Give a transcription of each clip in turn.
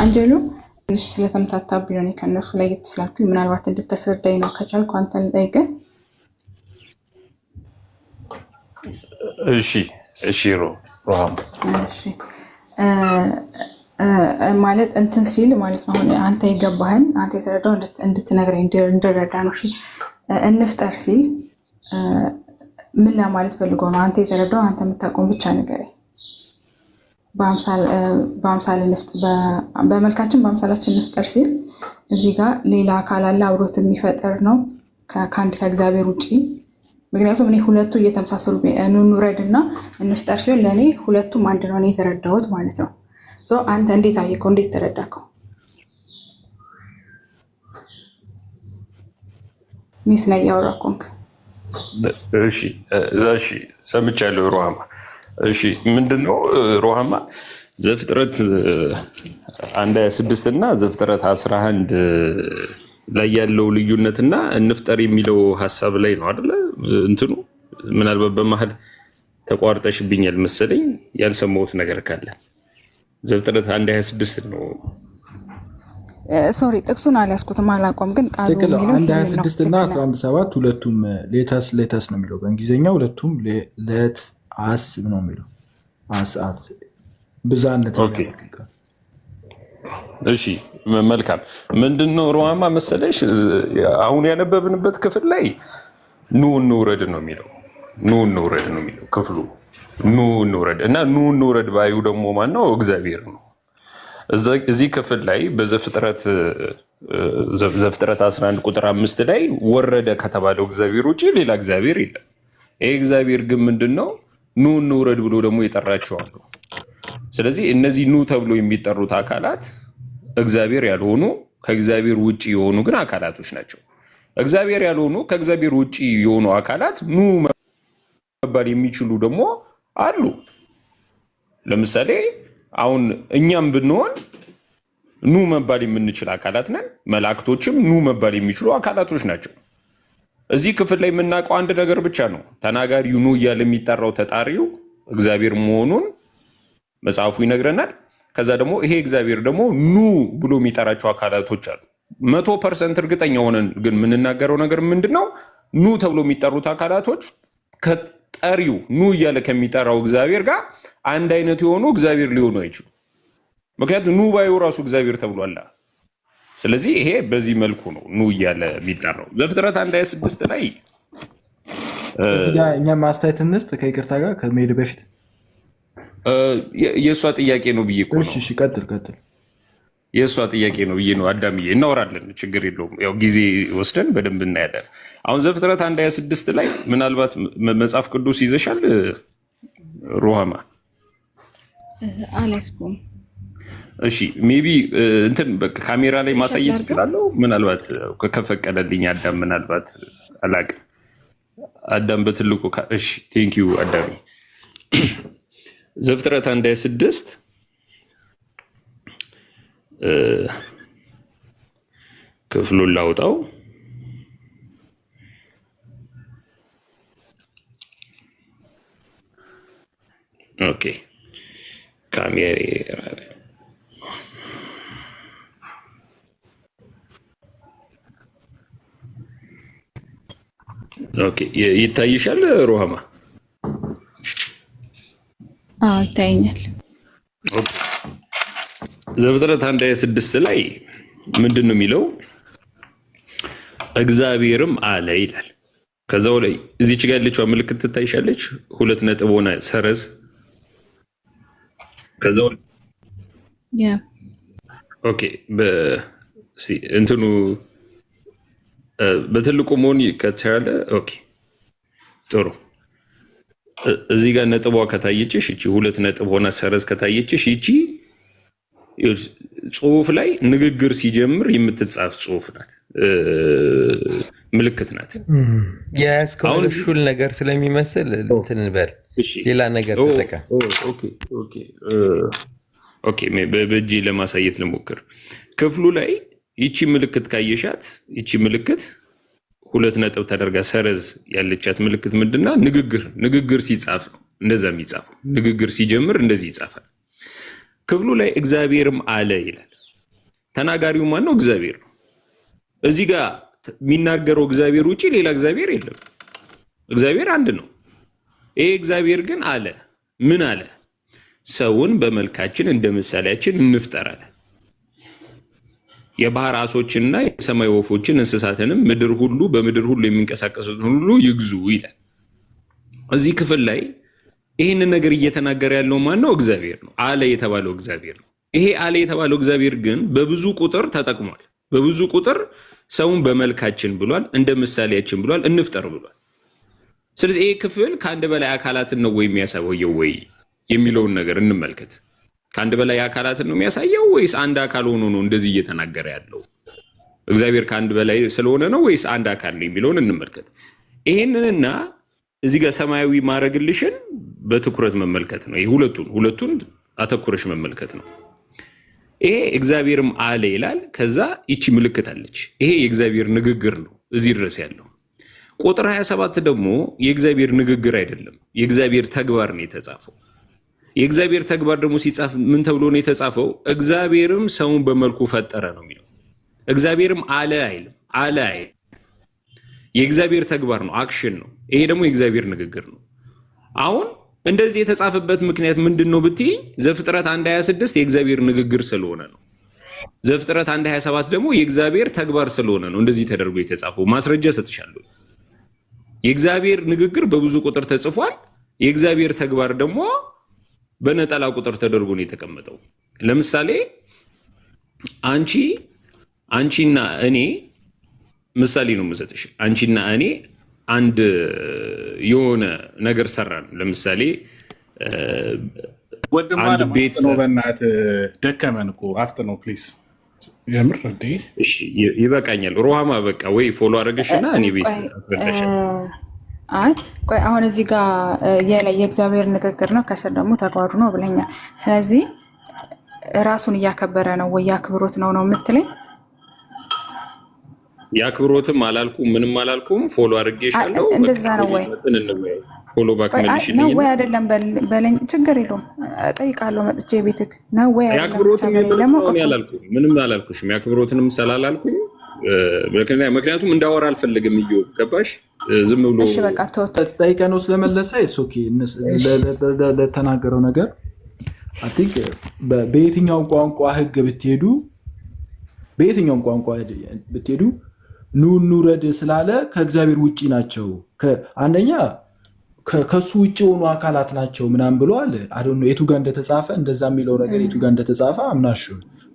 አንጀሉ ትንሽ ስለተምታታ ቢሆን ከነሱ ለየት ስላልኩ ምናልባት እንድታስረዳኝ ነው ከቻልኩ አንተን ልጠይቅህ። እሺ እሺ። ሮ ማለት እንትን ሲል ማለት ነው። አሁን አንተ የገባህን አንተ የተረዳው እንድትነግረኝ እንድረዳ ነው። እንፍጠር ሲል ምን ለማለት ፈልጎ ነው? አንተ የተረዳው አንተ የምታውቀውን ብቻ ንገረኝ። በመልካችን በአምሳላችን ንፍጠር ሲል እዚህ ጋር ሌላ አካል አለ አብሮት የሚፈጥር ነው ከአንድ ከእግዚአብሔር ውጭ። ምክንያቱም እኔ ሁለቱ እየተመሳሰሉ እንውረድ እና እንፍጠር ሲሆን ለእኔ ሁለቱም አንድ ነው የተረዳሁት ማለት ነው። አንተ እንዴት አየከው? እንዴት ተረዳከው? ሚስ ነው እያወራኩ። እሺ ሰምቻለሁ ሩሃማ እሺ ምንድን ነው ሮሃማ ዘፍጥረት አንድ ሀያ ስድስት እና ዘፍጥረት አስራ አንድ ላይ ያለው ልዩነትና እንፍጠር የሚለው ሀሳብ ላይ ነው አደለ? እንትኑ ምናልባት በመሀል ተቋርጠሽብኛል መሰለኝ ያልሰማሁት ነገር ካለ ዘፍጥረት አንድ ሀያ ስድስት ነው። ሶሪ ጥቅሱን አልያዝኩትም አላውቀውም፣ ግን ቃሉ አንድ ሀያ ስድስት እና አስራ አንድ ሰባት ሁለቱም ሌተስ ሌተስ ነው የሚለው በእንግሊዝኛ ሁለቱም ሌት አስብ ነው የሚለው ብዛነት። እሺ መልካም ምንድን ነው ሮማ መሰለሽ፣ አሁን ያነበብንበት ክፍል ላይ ኑ እንውረድ ነው የሚለው ኑ እንውረድ ነው የሚለው ክፍሉ ኑ እንውረድ እና ኑ እንውረድ ባዩ ደግሞ ማነው? እግዚአብሔር ነው። እዚህ ክፍል ላይ በዘፍጥረት 11 ቁጥር አምስት ላይ ወረደ ከተባለው እግዚአብሔር ውጭ ሌላ እግዚአብሔር የለም። ይህ እግዚአብሔር ግን ምንድን ነው? ኑ እንውረድ ብሎ ደግሞ የጠራቸው አሉ። ስለዚህ እነዚህ ኑ ተብሎ የሚጠሩት አካላት እግዚአብሔር ያልሆኑ ከእግዚአብሔር ውጭ የሆኑ ግን አካላቶች ናቸው። እግዚአብሔር ያልሆኑ ከእግዚአብሔር ውጭ የሆኑ አካላት ኑ መባል የሚችሉ ደግሞ አሉ። ለምሳሌ አሁን እኛም ብንሆን ኑ መባል የምንችል አካላት ነን። መላእክቶችም ኑ መባል የሚችሉ አካላቶች ናቸው። እዚህ ክፍል ላይ የምናውቀው አንድ ነገር ብቻ ነው። ተናጋሪው ኑ እያለ የሚጠራው ተጣሪው እግዚአብሔር መሆኑን መጽሐፉ ይነግረናል። ከዛ ደግሞ ይሄ እግዚአብሔር ደግሞ ኑ ብሎ የሚጠራቸው አካላቶች አሉ። መቶ ፐርሰንት እርግጠኛ ሆነን ግን የምንናገረው ነገር ምንድን ነው? ኑ ተብሎ የሚጠሩት አካላቶች ከጠሪው ኑ እያለ ከሚጠራው እግዚአብሔር ጋር አንድ አይነት የሆኑ እግዚአብሔር ሊሆኑ አይችሉ። ምክንያቱም ኑ ባዩ ራሱ እግዚአብሔር ተብሏላ። ስለዚህ ይሄ በዚህ መልኩ ነው ኑ እያለ የሚጠራው። ዘፍጥረት አንድ ሃያ ስድስት ላይ እኛ ማስታየት እንስጥ ከይቅርታ ጋር ከመሄድ በፊት የእሷ ጥያቄ ነው ብዬ ነው። ቀጥል ቀጥል። የእሷ ጥያቄ ነው ብዬ ነው። አዳምዬ እናወራለን፣ ችግር የለውም። ያው ጊዜ ወስደን በደንብ እናያለን። አሁን ዘፍጥረት አንድ ሃያ ስድስት ላይ ምናልባት መጽሐፍ ቅዱስ ይዘሻል ሩሃማ አላስኩም እሺ ሜቢ እንትን ካሜራ ላይ ማሳየት እችላለሁ። ምናልባት ከፈቀደልኝ አዳም ምናልባት አላቅም። አዳም በትልቁ እሺ፣ ቴንክ ዩ አዳም። ዘፍጥረት አንድ ስድስት ክፍሉን ላውጣው። ኦኬ ካሜራ ይታይሻል ሩሃማ? አዎ ይታየኛል። ዘፍጥረት አንድ ሃያ ስድስት ላይ ምንድን ነው የሚለው? እግዚአብሔርም አለ ይላል። ከዛው ላይ እዚች ጋር ያለችው ምልክት ትታይሻለች። ሁለት ነጥብ ሆነ ሰረዝ። ከዛው ኦኬ እንትኑ በትልቁ መሆን ከተቻለ ኦኬ፣ ጥሩ። እዚህ ጋር ነጥቧ ከታየችሽ ይቺ ሁለት ነጥብ ሆና ሰረዝ ከታየችሽ ይቺ ጽሁፍ ላይ ንግግር ሲጀምር የምትጻፍ ጽሁፍ ናት፣ ምልክት ናት። የስኮለርሹል ነገር ስለሚመስል ትንበል ሌላ ነገር ተጠቀም። ኦኬ፣ በእጅ ለማሳየት ልሞክር ክፍሉ ላይ ይቺ ምልክት ካየሻት ይቺ ምልክት ሁለት ነጥብ ተደርጋ ሰረዝ ያለቻት ምልክት ምንድና? ንግግር ንግግር ሲጻፍ ነው እንደዛ የሚጻፈው። ንግግር ሲጀምር እንደዚህ ይጻፋል። ክፍሉ ላይ እግዚአብሔርም አለ ይላል። ተናጋሪው ማን ነው? እግዚአብሔር ነው። እዚህ ጋር የሚናገረው እግዚአብሔር ውጪ ሌላ እግዚአብሔር የለም። እግዚአብሔር አንድ ነው። ይሄ እግዚአብሔር ግን አለ። ምን አለ? ሰውን በመልካችን እንደ ምሳሌያችን እንፍጠራለን። የባህር አሶችንና የሰማይ ወፎችን እንስሳትንም ምድር ሁሉ በምድር ሁሉ የሚንቀሳቀሱትን ሁሉ ይግዙ ይላል። እዚህ ክፍል ላይ ይህንን ነገር እየተናገረ ያለው ማን ነው? እግዚአብሔር ነው። አለ የተባለው እግዚአብሔር ነው። ይሄ አለ የተባለው እግዚአብሔር ግን በብዙ ቁጥር ተጠቅሟል። በብዙ ቁጥር ሰውን በመልካችን ብሏል፣ እንደ ምሳሌያችን ብሏል፣ እንፍጠር ብሏል። ስለዚህ ይሄ ክፍል ከአንድ በላይ አካላትን ነው ወይ የሚያሳየው ወይ የሚለውን ነገር እንመልከት። ከአንድ በላይ አካላትን ነው የሚያሳየው ወይስ አንድ አካል ሆኖ ነው እንደዚህ እየተናገረ ያለው? እግዚአብሔር ከአንድ በላይ ስለሆነ ነው ወይስ አንድ አካል ነው የሚለውን እንመልከት። ይህንንና እዚህ ጋር ሰማያዊ ማድረግልሽን በትኩረት መመልከት ነው። ሁለቱን ሁለቱን አተኩረሽ መመልከት ነው። ይሄ እግዚአብሔርም አለ ይላል። ከዛ ይቺ ምልክት አለች። ይሄ የእግዚአብሔር ንግግር ነው እዚህ ድረስ ያለው። ቁጥር 27 ደግሞ የእግዚአብሔር ንግግር አይደለም፣ የእግዚአብሔር ተግባር ነው የተጻፈው። የእግዚአብሔር ተግባር ደግሞ ሲጻፍ ምን ተብሎ ነው የተጻፈው? እግዚአብሔርም ሰውን በመልኩ ፈጠረ ነው የሚለው። እግዚአብሔርም አለ አይልም፣ አለ አይልም። የእግዚአብሔር ተግባር ነው፣ አክሽን ነው። ይሄ ደግሞ የእግዚአብሔር ንግግር ነው። አሁን እንደዚህ የተጻፈበት ምክንያት ምንድን ነው ብትይኝ፣ ዘፍጥረት 1:26 የእግዚአብሔር ንግግር ስለሆነ ነው። ዘፍጥረት 1:27 ደግሞ የእግዚአብሔር ተግባር ስለሆነ ነው እንደዚህ ተደርጎ የተጻፈው። ማስረጃ እሰጥሻለሁ። የእግዚአብሔር ንግግር በብዙ ቁጥር ተጽፏል። የእግዚአብሔር ተግባር ደግሞ በነጠላ ቁጥር ተደርጎ ነው የተቀመጠው። ለምሳሌ አንቺ አንቺና እኔ ምሳሌ ነው የምሰጥሽ። አንቺና እኔ አንድ የሆነ ነገር ሰራን። ለምሳሌ አንድ ቤት በእናትህ ደከመን እኮ አፍጥ ነው ፕሊስ። የምር ይበቃኛል። ሮሃማ በቃ ወይ ፎሎ አድርገሽና እኔ ቤት አስረዳሻል አይ ቆይ አሁን እዚህ ጋር የላይ የእግዚአብሔር ንግግር ነው፣ ከስር ደግሞ ተጓዱ ነው ብለኛል። ስለዚህ ራሱን እያከበረ ነው ወይ ያክብሮት ነው ነው የምትለኝ? ያክብሮትም አላልኩም ምንም አላልኩም። ፎሎ አድርጌሻለሁ። እንደዛ ነው ወይ ፎሎ ባክ መልሽልኝ ነው ወይ አይደለም በለኝ። ችግር የለውም እጠይቃለሁ መጥቼ ቤትክ ነው ወይ አይደለም። ያክብሮትም ምንም አላልኩሽም። ያክብሮትንም ስላላልኩኝ ምክንያቱም እንዳወራ አልፈልግም። እዩ ገባሽ? ዝም ብሎ ጠይቀን ውስጥ ለመለሰ ለተናገረው ነገር አንክ በየትኛው ቋንቋ ህግ ብትሄዱ በየትኛውም ቋንቋ ብትሄዱ ኑ ኑረድ ስላለ ከእግዚአብሔር ውጭ ናቸው። አንደኛ ከሱ ውጭ የሆኑ አካላት ናቸው ምናምን ብለዋል። አደ የቱ ጋር እንደተጻፈ እንደዛ የሚለው ነገር የቱ ጋር እንደተጻፈ አምናሽ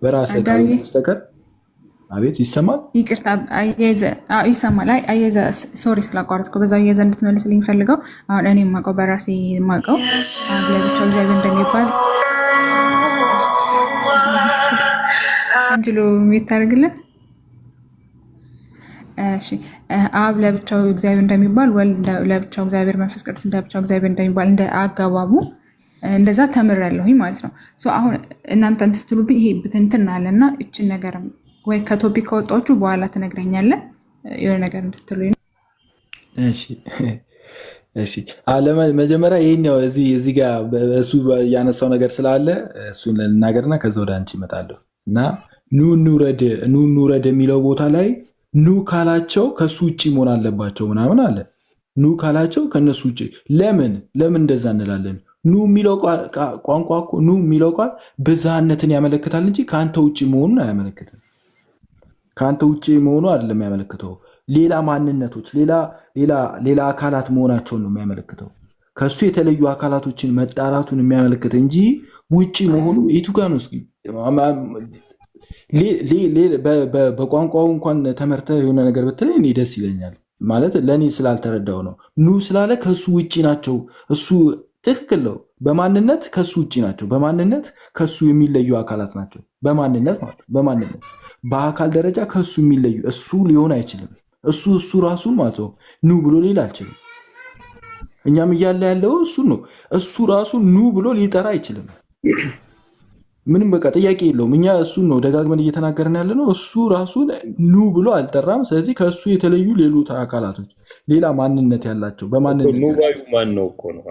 በራሴ ስተከር አቤት ይሰማል። ይቅርታ ይሰማል። አየዘ ሶሪ ስላቋረጥኩ በዛ አየዘ እንድትመልስልኝ ፈልገው። አሁን እኔ የማውቀው በራሴ የማውቀው ለብቻ እግዚአብሔር እንደሚባል አንጅሎ የሚታደርግልን አብ ለብቻው እግዚአብሔር እንደሚባል ወልድ ለብቻው እግዚአብሔር መንፈስ ቅዱስ ለብቻው እግዚአብሔር እንደሚባል እንደ አገባቡ እንደዛ ተምሬያለሁኝ ማለት ነው። አሁን እናንተ እንትን ስትሉብኝ ይሄ ብትንትን አለና እችን ነገርም ወይ ከቶፒክ ከወጣችሁ በኋላ ትነግረኛለህ። የሆነ ነገር እንድትሉ መጀመሪያ ይህኛው እዚህ ጋ እሱ ያነሳው ነገር ስላለ እሱን ልናገርና ከዛ ወደ አንቺ ይመጣለሁ እና ኑ እንውረድ የሚለው ቦታ ላይ ኑ ካላቸው ከሱ ውጭ መሆን አለባቸው ምናምን አለ። ኑ ካላቸው ከነሱ ውጭ ለምን ለምን እንደዛ እንላለን? ኑ የሚለው ቋንቋ ኑ የሚለው ቃል ብዝሃነትን ያመለክታል እንጂ ከአንተ ውጭ መሆኑን አያመለክትም። ከአንተ ውጭ መሆኑ አይደለም የሚያመለክተው፣ ሌላ ማንነቶች፣ ሌላ ሌላ አካላት መሆናቸውን ነው የሚያመለክተው። ከእሱ የተለዩ አካላቶችን መጣራቱን የሚያመለክተ እንጂ ውጭ መሆኑ የቱ ጋ ነው? በቋንቋው እንኳን ተመርተ የሆነ ነገር ብትለኝ እኔ ደስ ይለኛል። ማለት ለእኔ ስላልተረዳው ነው። ኑ ስላለ ከእሱ ውጭ ናቸው። እሱ ትክክል ነው። በማንነት ከእሱ ውጭ ናቸው። በማንነት ከእሱ የሚለዩ አካላት ናቸው። በማንነት ማለት በማንነት በአካል ደረጃ ከእሱ የሚለዩ እሱ ሊሆን አይችልም። እሱ እሱ ራሱን ማለት ነው ኑ ብሎ ሌላ አልችልም። እኛም እያለ ያለው እሱ ነው። እሱ ራሱ ኑ ብሎ ሊጠራ አይችልም። ምንም በቃ ጥያቄ የለውም። እኛ እሱን ነው ደጋግመን እየተናገርን ያለ ነው። እሱ ራሱን ኑ ብሎ አልጠራም። ስለዚህ ከእሱ የተለዩ ሌሎች አካላቶች ሌላ ማንነት ያላቸው በማንነትኑባዩ ማን ነው እኮ ነው።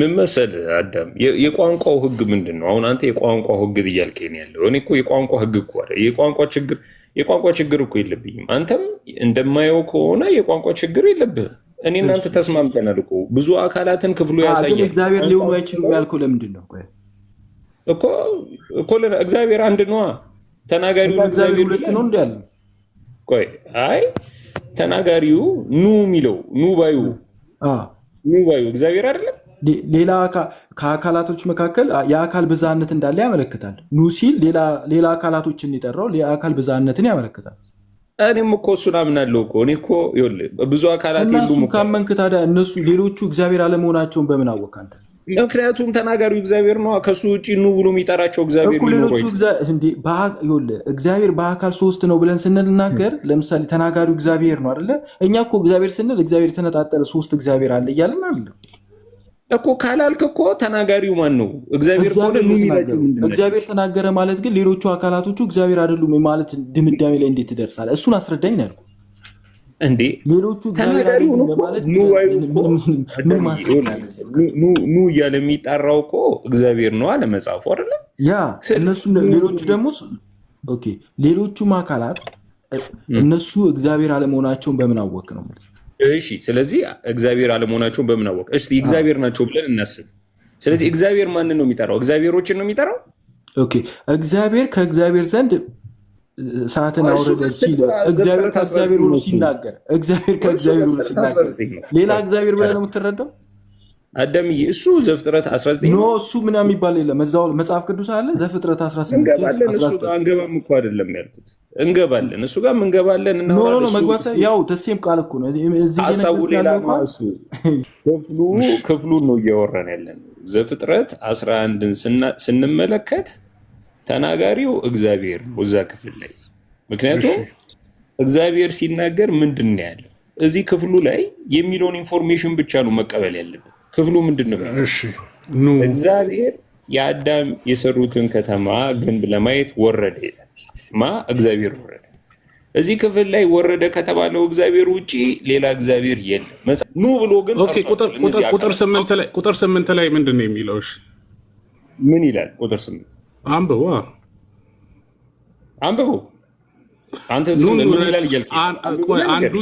ምን መሰልህ አዳም፣ የቋንቋው ህግ ምንድን ነው? አሁን አንተ የቋንቋው ህግ እያልከኝ ያለው እኔ እኮ የቋንቋ ህግ እኮ የቋንቋ ችግር የቋንቋ ችግር እኮ የለብኝም። አንተም እንደማየው ከሆነ የቋንቋ ችግር የለብህም። እኔ እናንተ ተስማምተናል እኮ ብዙ አካላትን ክፍሉ ያሳያል። እግዚአብሔር ሊሆኑ አይችሉም ያልከው ለምንድን ነው? እኮ እኮ እግዚአብሔር አንድ ነዋ። ተናጋሪው እግዚአብሔር ነው እንዴ? ያለ ቆይ አይ ተናጋሪው ኑ የሚለው ኑ ባዩ ኑ ባዩ እግዚአብሔር አይደለም። ሌላ ከአካላቶች መካከል የአካል ብዛነት እንዳለ ያመለክታል። ኑ ሲል ሌላ አካላቶችን የጠራው የአካል ብዛነትን ያመለክታል። እኔም እኮ እሱን አምናለሁ እኮ እኔ እኮ ብዙ አካላት የሉም። ካመንክ ታዲያ እነሱ ሌሎቹ እግዚአብሔር አለመሆናቸውን በምን አወቅ አንተ? ምክንያቱም ተናጋሪው እግዚአብሔር ነው። ከሱ ውጭ ኑ ብሎ የሚጠራቸው እግዚአብሔር እግዚአብሔር በአካል ሶስት ነው ብለን ስንናገር ለምሳሌ ተናጋሪው እግዚአብሔር ነው አለ። እኛ እኮ እግዚአብሔር ስንል እግዚአብሔር የተነጣጠለ ሶስት እግዚአብሔር አለ እያለን አለ እኮ ካላልክ እኮ ተናጋሪው ማን ነው? እግዚአብሔር ተናገረ ማለት ግን ሌሎቹ አካላቶቹ እግዚአብሔር አይደሉም ማለት ድምዳሜ ላይ እንዴት ትደርሳለህ? እሱን አስረዳኝ ነው እንዴ ሌሎቹ ኑ እያለ የሚጠራው እኮ እግዚአብሔር ነው አለ መጽሐፉ አይደለም። ያ ሌሎቹ ደግሞ ሌሎቹም አካላት እነሱ እግዚአብሔር አለመሆናቸውን በምን አወቅ ነው። እሺ ስለዚህ እግዚአብሔር አለመሆናቸውን በምን አወቅ? እሺ እግዚአብሔር ናቸው ብለን እናስብ። ስለዚህ እግዚአብሔር ማንን ነው የሚጠራው? እግዚአብሔሮችን ነው የሚጠራው። ኦኬ እግዚአብሔር ከእግዚአብሔር ዘንድ ሰዓትን አውረደች እግዚአብሔር ከእግዚአብሔር ብሎ ሲናገር እግዚአብሔር ከእግዚአብሔር ብሎ ሲናገር ሌላ እግዚአብሔር ብለህ ነው የምትረዳው። አዳምዬ እሱ ዘፍጥረት 19 ኖ እሱ ምን የሚባል የለም። እዛው መጽሐፍ ቅዱስ አለ ዘፍጥረት 18 አንገባም እኮ አይደለም ያልኩት፣ እንገባለን። እሱ ጋር እንገባለን። መግባት ያው ደሴም ቃል እኮ ነው። ሀሳቡ ሌላ ነው። እሱ ክፍሉ ክፍሉን ነው እያወራን ያለን። ዘፍጥረት 11ን ስንመለከት ተናጋሪው እግዚአብሔር ነው እዛ ክፍል ላይ። ምክንያቱም እግዚአብሔር ሲናገር ምንድን ነው ያለው እዚህ ክፍሉ ላይ የሚለውን ኢንፎርሜሽን ብቻ ነው መቀበል ያለብን። ክፍሉ ምንድን ነው? እግዚአብሔር የአዳም የሰሩትን ከተማ ግንብ ለማየት ወረደ ይላል። ማ እግዚአብሔር ወረደ። እዚህ ክፍል ላይ ወረደ ከተባለው እግዚአብሔር ውጪ ሌላ እግዚአብሔር የለም። ኑ ብሎ ግን ቁጥር ስምንት ላይ ምንድን ነው የሚለው? ምን ይላል ቁጥር ስምንት አንብቡ አንብቡ። አንዱ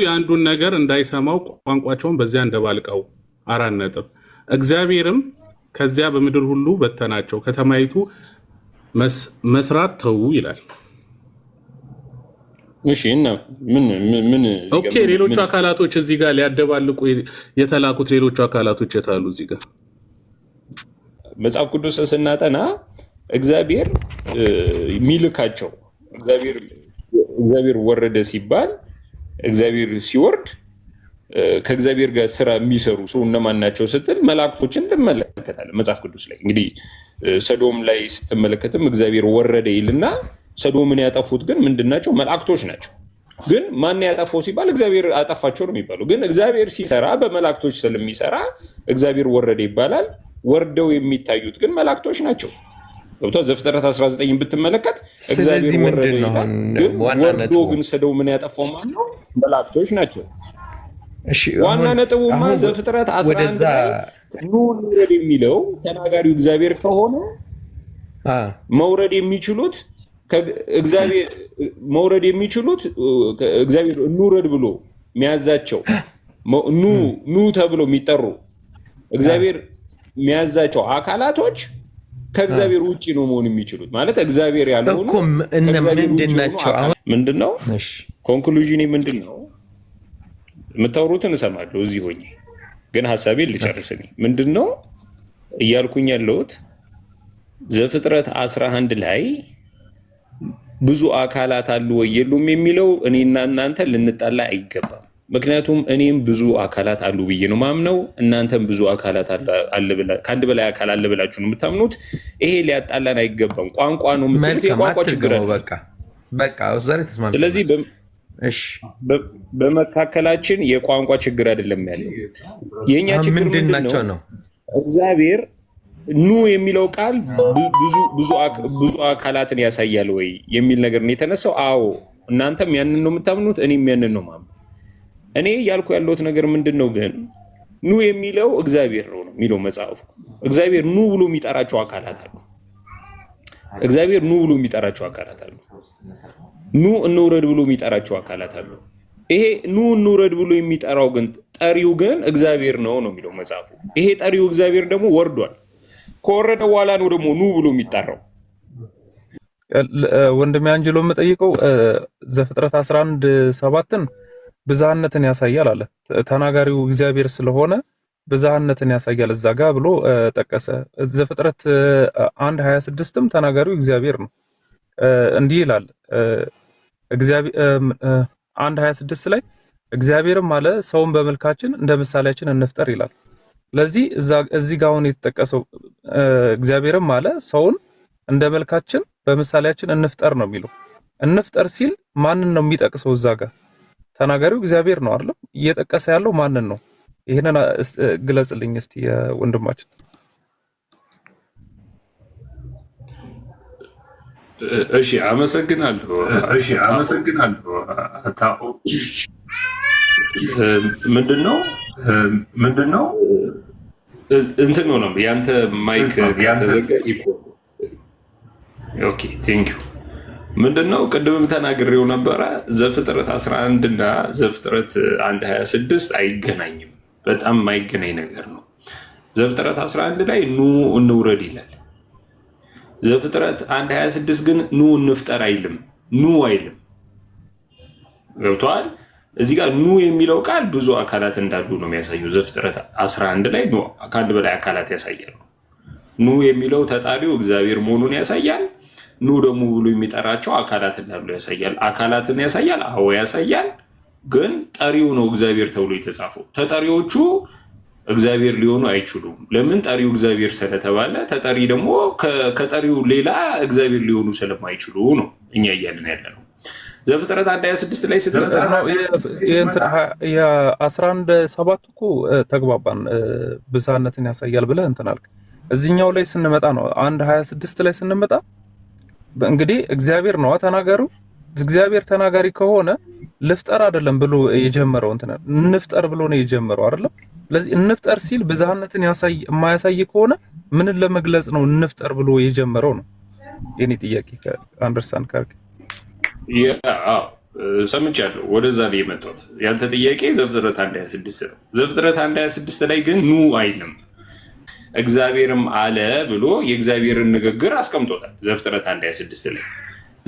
የአንዱን ነገር እንዳይሰማው ቋንቋቸውን በዚያ እንደባልቀው አራት ነጥብ እግዚአብሔርም ከዚያ በምድር ሁሉ በተናቸው ከተማይቱ መስራት ተዉ ይላል። ሌሎቹ አካላቶች እዚህ ጋር ሊያደባልቁ የተላኩት ሌሎቹ አካላቶች የታሉ? እዚህ ጋር መጽሐፍ ቅዱስ ስናጠና እግዚአብሔር የሚልካቸው እግዚአብሔር ወረደ ሲባል እግዚአብሔር ሲወርድ ከእግዚአብሔር ጋር ስራ የሚሰሩ ሰው እነማን ናቸው ስትል መላእክቶችን ትመለከታለህ። መጽሐፍ ቅዱስ ላይ እንግዲህ ሰዶም ላይ ስትመለከትም እግዚአብሔር ወረደ ይልና ሰዶምን ያጠፉት ግን ምንድን ናቸው? መላእክቶች ናቸው። ግን ማን ያጠፋው ሲባል እግዚአብሔር አጠፋቸው ነው የሚባለው። ግን እግዚአብሔር ሲሰራ በመላእክቶች ስለሚሰራ እግዚአብሔር ወረደ ይባላል። ወርደው የሚታዩት ግን መላእክቶች ናቸው። ገብቶ ዘፍጥረት 19 ብትመለከት እግዚአብሔር ወረደ ይላል። ግን ወርዶ ግን ሰደው ምን ያጠፋው ማለው መላእክቶች ናቸው። ዋና ነጥቡማ ዘፍጥረት 11 ላይ የሚለው ተናጋሪው እግዚአብሔር ከሆነ መውረድ የሚችሉት እግዚአብሔር መውረድ የሚችሉት እግዚአብሔር እንውረድ ብሎ ሚያዛቸው ኑ ኑ ተብሎ የሚጠሩ እግዚአብሔር ሚያዛቸው አካላቶች ከእግዚአብሔር ውጭ ነው መሆን የሚችሉት። ማለት እግዚአብሔር ያልሆኑ ምንድን ናቸው? ምንድን ነው ኮንክሉዥኔ? ምንድን ነው የምታወሩትን እሰማለሁ እዚህ ሆኜ፣ ግን ሀሳቤን ልጨርስ። ምንድን ነው እያልኩኝ ያለሁት ዘፍጥረት 11 ላይ ብዙ አካላት አሉ ወይ የሉም የሚለው እኔና እናንተ ልንጠላ አይገባም። ምክንያቱም እኔም ብዙ አካላት አሉ ብዬ ነው ማምነው። እናንተም ብዙ አካላት ከአንድ በላይ አካል አለ ብላችሁ ነው የምታምኑት። ይሄ ሊያጣላን አይገባም። ቋንቋ ነው የምትሉት፣ የቋንቋ ችግር አለ። ስለዚህ በመካከላችን የቋንቋ ችግር አይደለም ያለው። የእኛ ችግር ምንድን ነው? እግዚአብሔር ኑ የሚለው ቃል ብዙ አካላትን ያሳያል ወይ የሚል ነገር ነው የተነሳው። አዎ እናንተም ያንን ነው የምታምኑት፣ እኔም ያንን ነው ማምነው። እኔ እያልኩ ያለሁት ነገር ምንድን ነው ግን ኑ የሚለው እግዚአብሔር ነው የሚለው መጽሐፉ። እግዚአብሔር ኑ ብሎ የሚጠራቸው አካላት አሉ። እግዚአብሔር ኑ ብሎ የሚጠራቸው አካላት አሉ። ኑ እንውረድ ብሎ የሚጠራቸው አካላት አሉ። ይሄ ኑ እንውረድ ብሎ የሚጠራው ግን ጠሪው ግን እግዚአብሔር ነው ነው የሚለው መጽሐፉ። ይሄ ጠሪው እግዚአብሔር ደግሞ ወርዷል። ከወረደ በኋላ ነው ደግሞ ኑ ብሎ የሚጠራው። ወንድሜ አንጅሎ የምጠይቀው ዘፍጥረት 11 ሰባትን ብዝሃነትን ያሳያል አለ። ተናጋሪው እግዚአብሔር ስለሆነ ብዝሃነትን ያሳያል እዛ ጋ ብሎ ጠቀሰ። ዘፍጥረት አንድ ሀያ ስድስትም ተናጋሪው እግዚአብሔር ነው። እንዲህ ይላል አንድ ሀያ ስድስት ላይ እግዚአብሔርም አለ ሰውን በመልካችን እንደ ምሳሌያችን እንፍጠር ይላል። ለዚህ እዚህ ጋ አሁን የተጠቀሰው እግዚአብሔርም አለ ሰውን እንደ መልካችን በምሳሌያችን እንፍጠር ነው የሚለው። እንፍጠር ሲል ማንን ነው የሚጠቅሰው እዛ ጋር? ተናጋሪው እግዚአብሔር ነው አይደለም? እየጠቀሰ ያለው ማንን ነው? ይህንን ግለጽልኝ እስቲ ወንድማችን። እሺ አመሰግናለሁ። እሺ አመሰግናለሁ። ታው ምንድነው ምንድነው እንትን ነው ያንተ ማይክ ያንተ ኦኬ ቴንክ ዩ ምንድነው ቅድምም ተናግሬው ነበረ። ዘፍጥረት 11 እና ዘፍጥረት 1 26 አይገናኝም። በጣም የማይገናኝ ነገር ነው። ዘፍጥረት 11 ላይ ኑ እንውረድ ይላል። ዘፍጥረት 1 26 ግን ኑ እንፍጠር አይልም። ኑ አይልም። ገብተዋል። እዚህ ጋር ኑ የሚለው ቃል ብዙ አካላት እንዳሉ ነው የሚያሳዩ። ዘፍጥረት 11 ላይ ከአንድ በላይ አካላት ያሳያሉ። ኑ የሚለው ተጣሪው እግዚአብሔር መሆኑን ያሳያል። ኑ ደግሞ ብሎ የሚጠራቸው አካላት እንዳሉ ያሳያል። አካላትን ያሳያል። አዎ ያሳያል። ግን ጠሪው ነው እግዚአብሔር ተብሎ የተጻፈው። ተጠሪዎቹ እግዚአብሔር ሊሆኑ አይችሉም። ለምን? ጠሪው እግዚአብሔር ስለተባለ፣ ተጠሪ ደግሞ ከጠሪው ሌላ እግዚአብሔር ሊሆኑ ስለማይችሉ ነው እኛ እያልን ያለ ነው። ዘፍጥረት አንድ ሀያ ስድስት ላይ የአስራ አንድ ሰባት እኮ ተግባባን። ብዝሃነትን ያሳያል ብለህ እንትን አልክ። ላይ ስንመጣ ነው አንድ ሀያ ስድስት ላይ ስንመጣ እንግዲህ እግዚአብሔር ነዋ ተናጋሪው። እግዚአብሔር ተናጋሪ ከሆነ ልፍጠር አይደለም ብሎ የጀመረው እንትን እንፍጠር ብሎ ነው የጀመረው አይደለም። ስለዚህ እንፍጠር ሲል ብዝሃነትን የማያሳይ ከሆነ ምንን ለመግለጽ ነው እንፍጠር ብሎ የጀመረው ነው የኔ ጥያቄ። አንደርስታንድ ካልክ ሰምቻለሁ። ወደዛ ላይ የመጣሁት ያንተ ጥያቄ ዘፍጥረት አንድ 26 ነው። ዘፍጥረት አንድ 26 ላይ ግን ኑ አይልም እግዚአብሔርም አለ ብሎ የእግዚአብሔርን ንግግር አስቀምጦታል ዘፍጥረት 1 26 ላይ።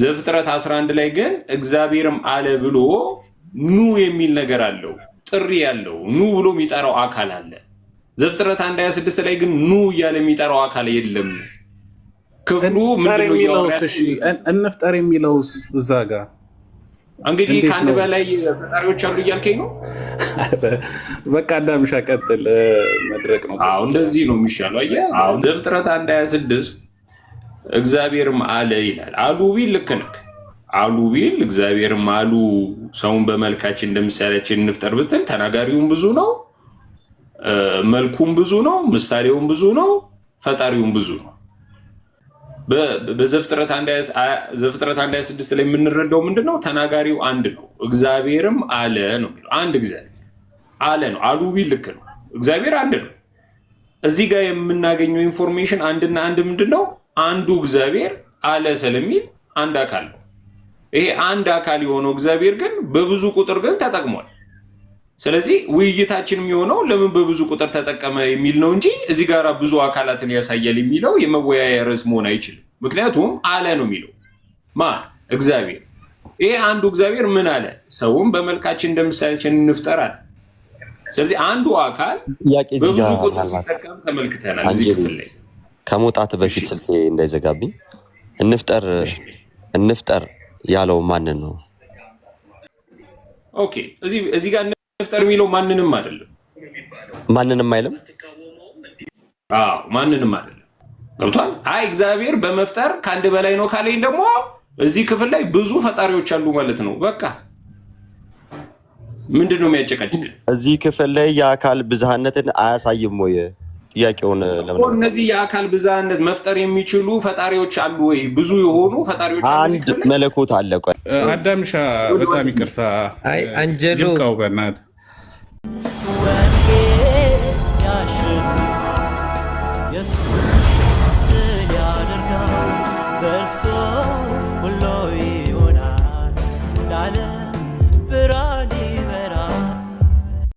ዘፍጥረት 11 ላይ ግን እግዚአብሔርም አለ ብሎ ኑ የሚል ነገር አለው፣ ጥሪ ያለው ኑ ብሎ የሚጠራው አካል አለ። ዘፍጥረት 1 26 ላይ ግን ኑ እያለ የሚጠራው አካል የለም። ክፍሉ ምንድነው? እንፍጠር የሚለውስ እዛ ጋር እንግዲህ ከአንድ በላይ ፈጣሪዎች አሉ እያልከኝ ነው። በቃ እንዳምሻ ቀጥል። መድረክ ነው። አዎ እንደዚህ ነው የሚሻለው። አየህ ዘፍጥረት አንድ ሀያ ስድስት እግዚአብሔርም አለ ይላል። አሉ ቢል ልክ ነህ። አሉ ቢል እግዚአብሔርም አሉ ሰውን በመልካችን እንደምሳሌያችን እንፍጠር ብትል ተናጋሪውም ብዙ ነው፣ መልኩም ብዙ ነው፣ ምሳሌውም ብዙ ነው፣ ፈጣሪውም ብዙ ነው። በዘፍጥረት አንድ ስድስት ላይ የምንረዳው ምንድን ነው? ተናጋሪው አንድ ነው፣ እግዚአብሔርም አለ ነው አንድ እግዚአብሔር አለ ነው። አሉቢ ልክ ነው። እግዚአብሔር አንድ ነው። እዚህ ጋር የምናገኘው ኢንፎርሜሽን አንድና አንድ ምንድን ነው? አንዱ እግዚአብሔር አለ ስለሚል አንድ አካል ነው። ይሄ አንድ አካል የሆነው እግዚአብሔር ግን በብዙ ቁጥር ግን ተጠቅሟል። ስለዚህ ውይይታችን የሚሆነው ለምን በብዙ ቁጥር ተጠቀመ የሚል ነው እንጂ እዚህ ጋር ብዙ አካላትን ያሳያል የሚለው የመወያያ ርዕስ መሆን አይችልም። ምክንያቱም አለ ነው የሚለው ማ እግዚአብሔር። ይሄ አንዱ እግዚአብሔር ምን አለ? ሰውም በመልካችን እንደምሳሌያችን እንፍጠራል። ስለዚህ አንዱ አካል በብዙ ቁጥር ሲጠቀም ተመልክተናል። እዚህ ክፍል ላይ ከመውጣት በፊት ስልኬ እንዳይዘጋብኝ እንፍጠር እንፍጠር ያለው ማንን ነው? ኦኬ እዚህ ጋር መፍጠር የሚለው ማንንም አይደለም፣ ማንንም አይልም። አዎ ማንንም አይደለም። ገብቷል። አይ እግዚአብሔር በመፍጠር ከአንድ በላይ ነው ካለኝ ደግሞ እዚህ ክፍል ላይ ብዙ ፈጣሪዎች አሉ ማለት ነው። በቃ ምንድን ነው የሚያጨቀጭቅን? እዚህ ክፍል ላይ የአካል ብዝሃነትን አያሳይም ወይ? ጥያቄውን እነዚህ የአካል ብዝሃነት መፍጠር የሚችሉ ፈጣሪዎች አሉ ወይ? ብዙ የሆኑ ፈጣሪዎች አንድ መለኮት አለ። አዳምሻ በጣም ይቅርታ አንጀሎ